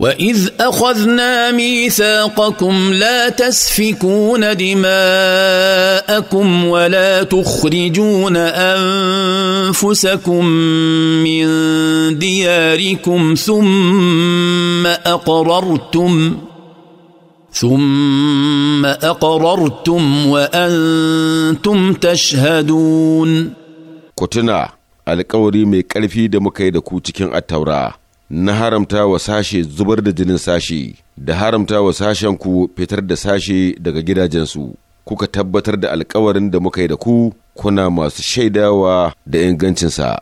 واذ اخذنا ميثاقكم لا تسفكون دماءكم ولا تخرجون انفسكم من دياركم ثم اقررتم ثم اقررتم وانتم تشهدون كتنا القوري mai ƙarfi da muka yi التوراه na haramta wa sashe zubar da jinin sashe da haramta wa sashen ku fitar da sashe daga gidajensu kuka tabbatar da alkawarin da muka yi da ku kuna masu shaidawa da ingancinsa